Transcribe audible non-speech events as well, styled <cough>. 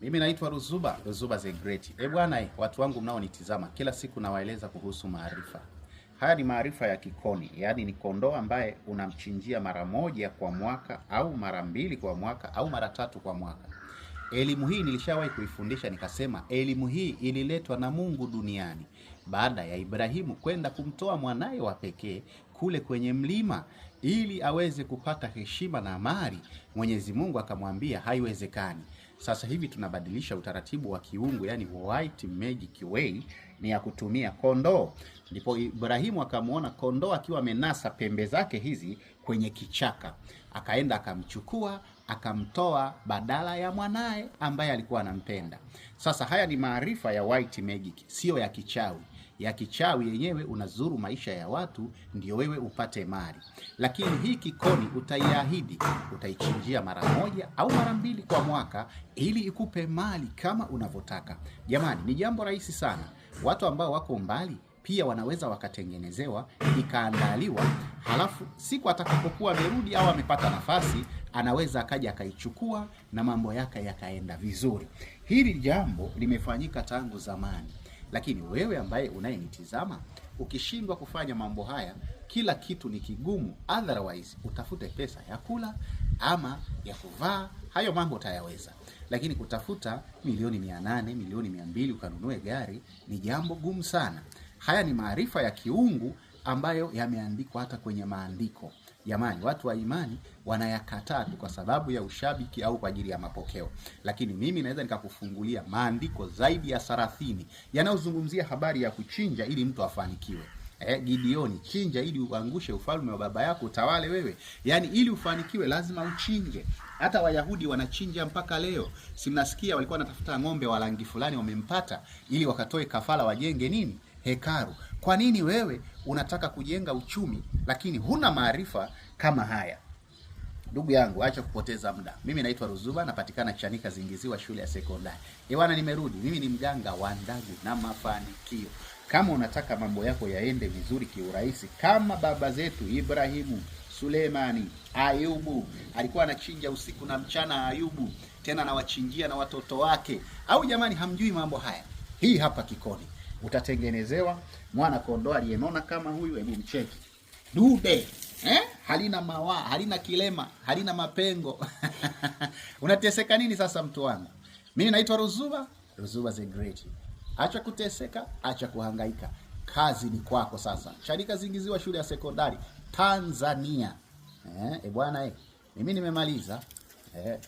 Mimi naitwa Ruzuba, Ruzuba the Great. Eh bwana, eh, watu wangu mnaonitizama kila siku, nawaeleza kuhusu maarifa. Haya ni maarifa ya kikoni, yaani ni kondoo ambaye unamchinjia mara moja kwa mwaka au mara mbili kwa mwaka au mara tatu kwa mwaka. Elimu hii nilishawahi kuifundisha, nikasema elimu hii ililetwa na Mungu duniani baada ya Ibrahimu kwenda kumtoa mwanaye wa pekee kule kwenye mlima ili aweze kupata heshima na mali. Mwenyezi Mungu akamwambia haiwezekani. Sasa hivi tunabadilisha utaratibu wa kiungu, yani white magic way ni ya kutumia kondoo. Ndipo Ibrahimu akamwona kondoo akiwa amenasa pembe zake hizi kwenye kichaka, akaenda akamchukua akamtoa badala ya mwanaye ambaye alikuwa anampenda. Sasa haya ni maarifa ya white magic, siyo ya kichawi ya kichawi yenyewe unazuru maisha ya watu ndio wewe upate mali. Lakini hii kikoni utaiahidi, utaichinjia mara moja au mara mbili kwa mwaka ili ikupe mali kama unavyotaka. Jamani, ni jambo rahisi sana. Watu ambao wako mbali pia wanaweza wakatengenezewa ikaandaliwa, halafu siku atakapokuwa amerudi au amepata nafasi, anaweza akaja akaichukua na mambo yake yakaenda vizuri. Hili jambo limefanyika tangu zamani. Lakini wewe ambaye unayenitizama, ukishindwa kufanya mambo haya, kila kitu ni kigumu, otherwise utafute pesa ya kula ama ya kuvaa, hayo mambo utayaweza, lakini kutafuta milioni mia nane milioni mia mbili ukanunue gari ni jambo gumu sana. Haya ni maarifa ya kiungu ambayo yameandikwa hata kwenye maandiko. Jamani, watu wa imani wanayakataa tu kwa sababu ya ushabiki au kwa ajili ya mapokeo, lakini mimi naweza nikakufungulia maandiko zaidi ya thelathini yanayozungumzia habari ya kuchinja ili mtu afanikiwe. Eh, Gideoni, chinja ili uangushe ufalme wa baba yako utawale wewe. Yani ili ufanikiwe lazima uchinje. Hata Wayahudi wanachinja mpaka leo. Si mnasikia walikuwa wanatafuta ng'ombe wa rangi fulani, wamempata ili wakatoe kafara, wajenge nini, hekaru. Kwa nini wewe unataka kujenga uchumi lakini huna maarifa kama haya? Ndugu yangu, acha kupoteza muda. Mimi naitwa Ruzuba, napatikana Chanika Zingiziwa, shule ya sekondari. Ewana, nimerudi. Mimi ni mganga wa ndagu na mafanikio. Kama unataka mambo yako yaende vizuri kiurahisi, kama baba zetu Ibrahimu, Sulemani, Ayubu alikuwa anachinja usiku na mchana. Ayubu tena anawachinjia na watoto wake. Au jamani, hamjui mambo haya? Hii hapa Kikoni utatengenezewa mwana kondoo aliyenona kama huyu, hebu mcheki dude eh? halina mawaa, halina kilema, halina mapengo <laughs> unateseka nini sasa mtu wangu? Mimi naitwa Ruzuba, Ruzuba the Great. Acha kuteseka, acha kuhangaika, kazi ni kwako sasa. Chanika zingiziwa shule ya sekondari Tanzania eh, e bwana eh, mimi nimemaliza eh.